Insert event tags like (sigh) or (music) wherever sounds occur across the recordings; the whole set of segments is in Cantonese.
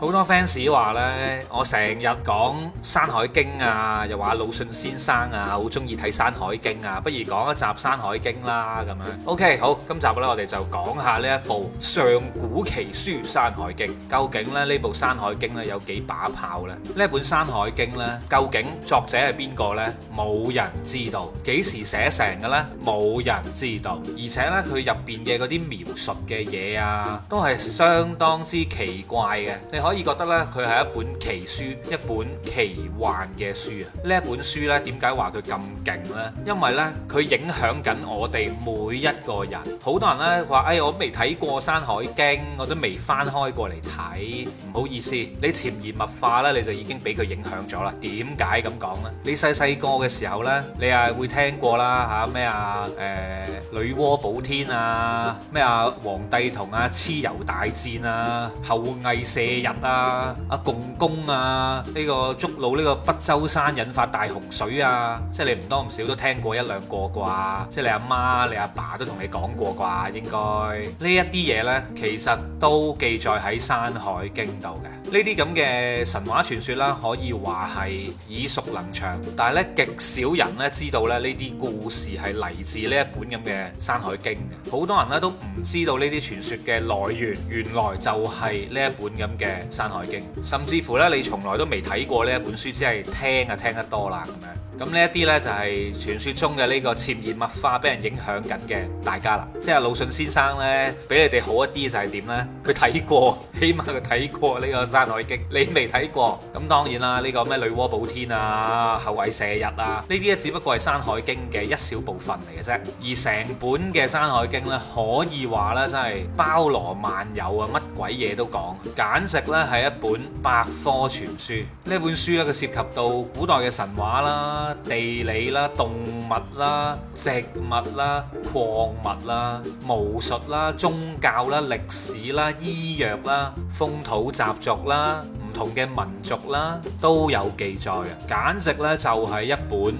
好多 fans 話咧，我成日講山海經啊，又話魯迅先生啊，好中意睇《山海經》啊，不如講一集《山海經》啦咁樣。OK，好，今集咧，我哋就講下呢一部上古奇書山海經。究竟咧呢部《山海經》咧有幾把炮咧？呢本《山海經》咧，究竟作者係邊個咧？冇人知道。幾時寫成嘅咧？冇人知道。而且咧佢入邊嘅嗰啲描述嘅嘢啊，都係相當之奇怪嘅。可以覺得呢，佢係一本奇書，一本奇幻嘅書啊！呢一本書呢，點解話佢咁勁呢？因為呢，佢影響緊我哋每一個人。好多人呢，話：哎，我未睇過《山海經》，我都未翻開過嚟睇，唔好意思。你潛移默化呢，你就已經俾佢影響咗啦。點解咁講呢？你細細個嘅時候呢，你係會聽過啦嚇咩啊？誒、呃，女媧補天啊，咩啊，黃帝同阿蚩尤大戰啊，後羿射日。啊！阿共工啊，呢個捉老呢個不周山引發大洪水啊，即係你唔多唔少都聽過一兩個啩，即係你阿媽、你阿爸都同你講過啩，應該呢一啲嘢呢，其實都記載喺《山海經》度嘅。呢啲咁嘅神話傳說啦，可以話係耳熟能詳，但係咧極少人咧知道咧呢啲故事係嚟自呢一本咁嘅《山海經》嘅。好多人咧都唔知道呢啲傳說嘅來源，原來就係呢一本咁嘅《山海經》，甚至乎咧，你從來都未睇過呢一本書，只係聽啊聽得多啦咁樣。咁呢一啲咧就係傳說中嘅呢個潛移默化，俾人影響緊嘅大家啦。即係魯迅先生咧，比你哋好一啲就係點咧？佢睇過，起碼佢睇過呢個《山海經》。你未睇過，咁當然啦。呢個咩女媧補天啊、後羿射日啊，呢啲咧只不過係《山海經》嘅一小部分嚟嘅啫。而成本嘅《山海經》咧，可以話咧真係包羅萬有啊，乜鬼嘢都講。簡直咧～係一本百科全書，呢本書咧，佢涉及到古代嘅神話啦、地理啦、動物啦、植物啦、礦物啦、巫術啦、宗教啦、歷史啦、醫藥啦、風土習俗啦、唔同嘅民族啦，都有記載啊！簡直咧就係一本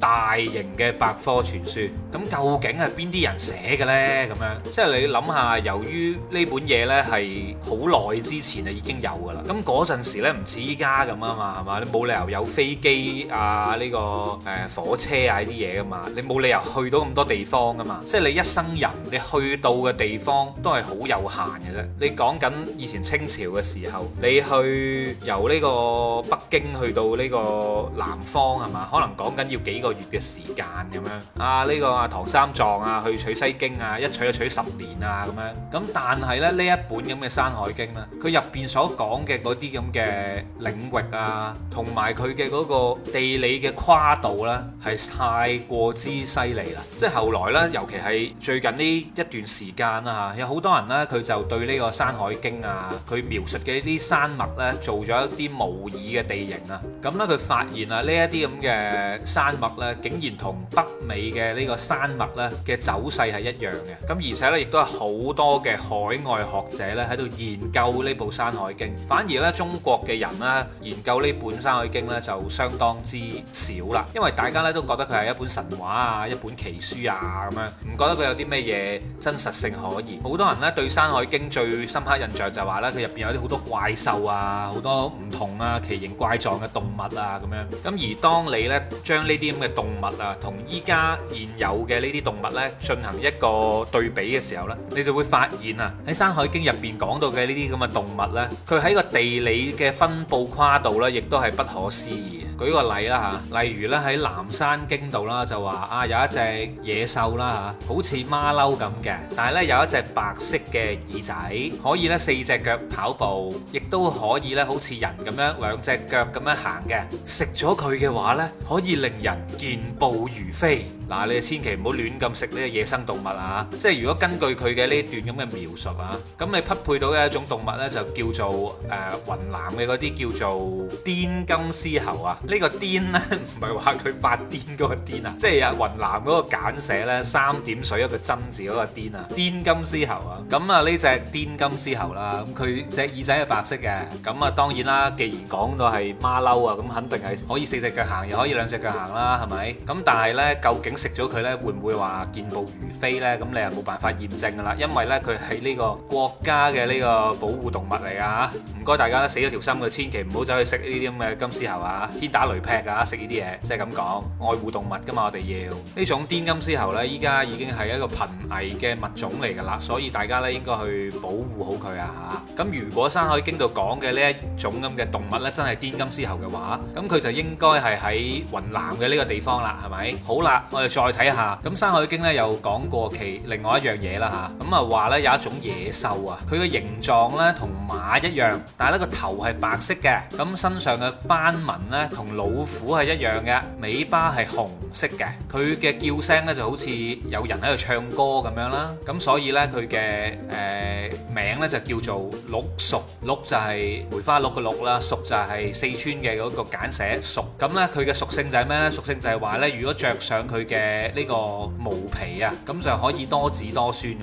大型嘅百科全書。咁究竟係邊啲人寫嘅咧？咁樣，即係你諗下，由於呢本嘢咧係好耐之前啊已經有㗎啦。咁陣時咧唔似依家咁啊嘛，係嘛？你冇理由有飛機啊呢個誒火車啊啲嘢㗎嘛，你冇理由去到咁多地方㗎嘛。即係你一生人，你去到嘅地方都係好有限嘅啫。你講緊以前清朝嘅時候，你去由呢個北京去到呢個南方係嘛？可能講緊要幾個月嘅時間咁樣啊呢個。啊，唐三藏啊，去取西經啊，一取就取十年啊，咁樣咁，但係咧呢一本咁嘅山海經咧，佢入邊所講嘅嗰啲咁嘅領域啊，同埋佢嘅嗰個地理嘅跨度咧，係太過之犀利啦。即係後來咧，尤其係最近呢一段時間啦吓，有好多人咧，佢就對呢個山海經啊，佢描述嘅呢啲山脈咧，做咗一啲模擬嘅地形啊。咁咧，佢發現啊，呢一啲咁嘅山脈咧，竟然同北美嘅呢個。山脈咧嘅走勢係一樣嘅,咁而且咧亦都有好多嘅海外學者咧喺度研究呢部山海經。反而咧中國嘅人咧研究呢本山海經咧就相當之少啦,因為大家咧都覺得佢係一本神話啊,一本奇書啊咁樣,唔覺得佢有啲咩嘢真實性可言。好多人咧對山海經最深刻印象就係話咧佢入面有啲好多怪獸啊,好多唔同啊奇形怪狀嘅動物啊咁樣,咁而當你咧將呢啲咁嘅動物啊同依家現有嘅呢啲動物咧，進行一個對比嘅時候呢，你就會發現啊，喺《山海經》入邊講到嘅呢啲咁嘅動物呢，佢喺個地理嘅分布跨度呢，亦都係不可思議。舉個例啦嚇，例如咧喺《南山經》度啦，就話啊有一隻野獸啦嚇，好似馬騮咁嘅，但係呢有一隻白色嘅耳仔，可以呢四隻腳跑步。都可以咧，好似人咁樣兩隻腳咁樣行嘅。食咗佢嘅話呢可以令人健步如飛。嗱、啊，你千祈唔好亂咁食呢個野生動物啊！即係如果根據佢嘅呢段咁嘅描述啊，咁你匹配到嘅一種動物呢，就叫做誒、呃、雲南嘅嗰啲叫做滇金絲猴啊。呢、呢個滇呢，唔係話佢發癲嗰、嗰個癲啊，即係啊雲南嗰個簡寫呢，「三點水一個真字嗰、嗰個癲，癲啊，滇金絲猴啊。咁啊呢隻滇金絲猴啦，咁佢隻耳仔嘅白色。嘅咁啊，當然啦。既然講到係馬騮啊，咁肯定係可以四隻腳行，又可以兩隻腳行啦，係咪？咁但係咧，究竟食咗佢咧，會唔會話健步如飛咧？咁你又冇辦法驗證噶啦，因為咧，佢係呢個國家嘅呢個保護動物嚟啊！唔該，大家死咗條心㗎，千祈唔好走去食呢啲咁嘅金絲猴啊！天打雷劈啊！食呢啲嘢，即係咁講，愛護動物㗎嘛，我哋要呢種滇金絲猴咧，依家已經係一個瀕危嘅物種嚟㗎啦，所以大家咧應該去保護好佢啊！嚇咁，如果山海經到講嘅呢一種咁嘅動物咧，真係滇金絲猴嘅話，咁佢就應該係喺雲南嘅呢個地方啦，係咪？好啦，我哋再睇下，咁《山海經》咧又講過其另外一樣嘢啦嚇，咁啊話咧有一種野獸啊，佢嘅形狀咧同馬一樣，但係咧個頭係白色嘅，咁身上嘅斑紋咧同老虎係一樣嘅，尾巴係紅色嘅，佢嘅叫聲咧就好似有人喺度唱歌咁樣啦，咁所以咧佢嘅誒名咧就叫做鹿蜀鹿蜀。係梅花鹿嘅鹿啦，蜀就係四川嘅嗰個簡寫蜀。咁咧，佢嘅屬性就係咩咧？屬性就係話咧，如果着上佢嘅呢個毛皮啊，咁就可以多子多孫。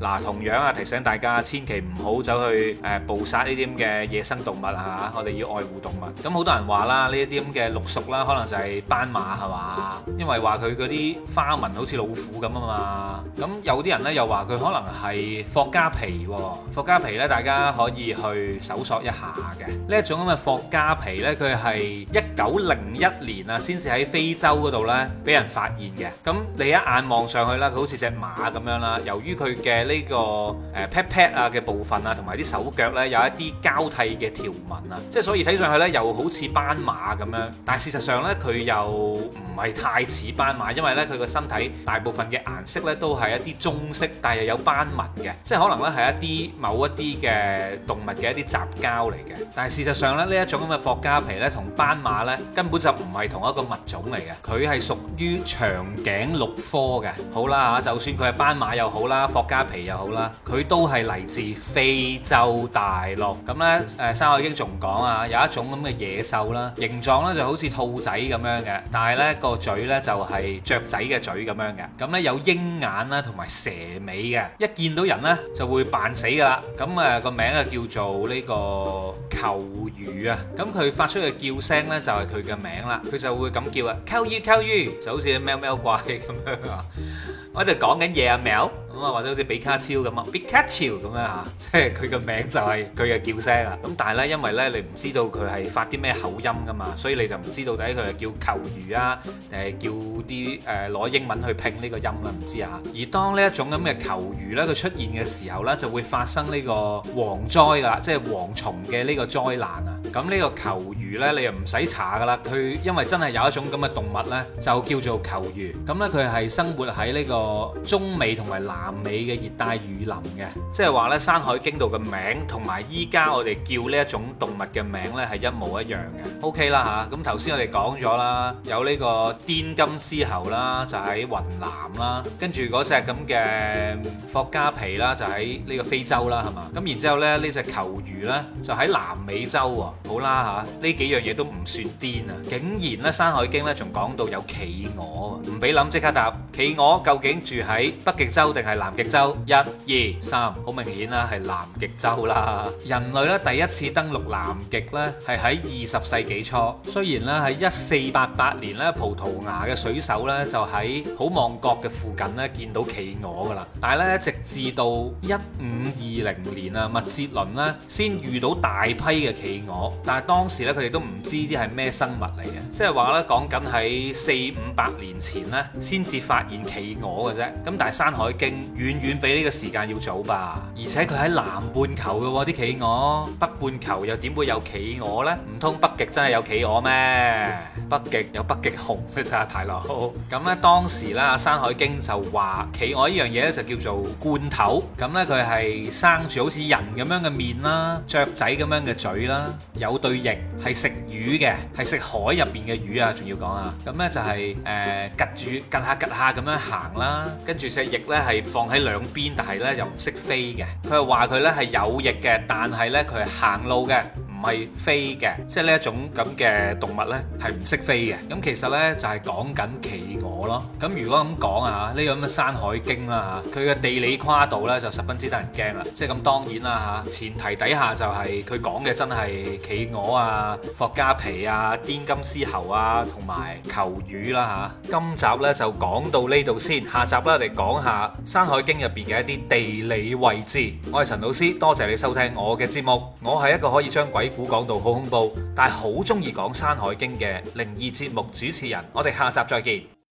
嗱，同樣啊，提醒大家千祈唔好走去誒捕殺呢啲咁嘅野生動物啊！我哋要愛護動物。咁好多人話啦，呢一啲咁嘅鹿蜀啦，可能就係斑馬係嘛？因為話佢嗰啲花紋好似老虎咁啊嘛。咁有啲人咧又話佢可能係霍加皮。霍加皮咧，大家可以去。搜索一下嘅呢一種咁嘅霍加皮咧，佢係一九零一年啊，先至喺非洲嗰度咧畀人發現嘅。咁你一眼望上去啦，佢好似隻馬咁樣啦。由於佢嘅呢個誒 pat pat 啊嘅部分啊，同埋啲手腳咧有一啲交替嘅條紋啊，即係所以睇上去咧又好似斑馬咁樣，但係事實上咧，佢又唔係太似斑馬，因為咧佢個身體大部分嘅顏色咧都係一啲棕色，但係又有斑紋嘅，即係可能咧係一啲某一啲嘅動物嘅一啲雜膠嚟嘅，但係事實上咧，呢一種咁嘅霍加皮咧，同斑馬咧根本就唔係同一個物種嚟嘅，佢係屬於長頸鹿科嘅。好啦吓，就算佢係斑馬又好啦，霍加皮又好啦，佢都係嚟自非洲大陸。咁咧，誒，山海經仲講啊，有一種咁嘅野獸啦，形狀咧就好似兔仔咁樣嘅，但係咧個嘴咧就係雀仔嘅嘴咁樣嘅，咁咧有鷹眼啦，同埋蛇尾嘅，一見到人咧就會扮死噶啦，咁誒個名啊叫做呢。個求魚啊，咁佢發出嘅叫聲呢，就係佢嘅名啦，佢就會咁叫啊，求魚，求魚就好似喵，喵喵怪咁。 (laughs) 我喺度講緊嘢啊，喵。咁啊，或者好似比卡超咁啊，比卡超咁樣吓，即係佢個名就係佢嘅叫聲啊。咁但係咧，因為咧你唔知道佢係發啲咩口音噶嘛，所以你就唔知到底佢係叫球魚啊，定係叫啲誒攞英文去拼呢個音啊，唔知啊，而當呢一種咁嘅球魚咧，佢出現嘅時候咧，就會發生呢個蝗災㗎，即係蝗蟲嘅呢個災難啊。咁呢個球魚呢，你又唔使查噶啦。佢因為真係有一種咁嘅動物呢，就叫做球魚。咁、嗯、呢，佢係生活喺呢個中美同埋南美嘅熱帶雨林嘅。即係話呢，《山海經》度嘅名同埋依家我哋叫呢一種動物嘅名呢，係一模一樣嘅。OK 啦吓，咁頭先我哋講咗啦，有呢個滇金絲猴啦，就喺雲南啦。跟住嗰隻咁嘅霍加皮啦，就喺呢個非洲啦，係嘛？咁然之後呢，呢隻球魚呢，就喺南美洲喎。好啦嚇，呢幾樣嘢都唔算癲啊！竟然咧《山海經》咧仲講到有企鵝，唔俾諗即刻答。企鵝究竟住喺北極洲定係南極洲？一、二、三，好明顯啦，係南極洲啦。人類咧第一次登陸南極咧，係喺二十世紀初。雖然咧喺一四八八年咧葡萄牙嘅水手咧就喺好望角嘅附近咧見到企鵝噶啦，但係咧直至到一五二零年啊麥哲倫呢先遇到大批嘅企鵝。但係當時咧，佢哋都唔知啲係咩生物嚟嘅，即係話咧講緊喺四五百年前咧，先至發現企鵝嘅啫。咁但係《山海經》遠遠比呢個時間要早吧？而且佢喺南半球嘅喎、哦，啲企鵝，北半球又點會有企鵝呢？唔通北極真係有企鵝咩？北極有北極熊嘅咋， (laughs) 大佬。咁 (laughs) 咧、嗯、當時啦，《山海經》就話企鵝呢樣嘢咧就叫做罐頭。咁咧佢係生住好似人咁樣嘅面啦，雀仔咁樣嘅嘴啦。有對翼係食魚嘅，係食海入邊嘅魚啊，仲要講啊，咁呢就係誒趌住趌下趌下咁樣行啦，跟住隻翼呢，係放喺兩邊，但係呢又唔識飛嘅。佢係話佢呢係有翼嘅，但係呢佢係行路嘅，唔係飛嘅，即係呢一種咁嘅動物呢，係唔識飛嘅。咁其實呢，就係講緊企。咯咁，如果咁講啊，呢個咁嘅《山海經》啦嚇，佢嘅地理跨度呢，就十分之得人驚啦。即係咁，當然啦嚇，前提底下就係佢講嘅真係企鵝啊、霍加狓啊、滇金絲猴啊，同埋球魚啦嚇。今集呢，就講到呢度先，下集咧我哋講下《山海經》入邊嘅一啲地理位置。我係陳老師，多謝你收聽我嘅節目。我係一個可以將鬼故講到好恐怖，但係好中意講《山海經》嘅靈異節目主持人。我哋下集再見。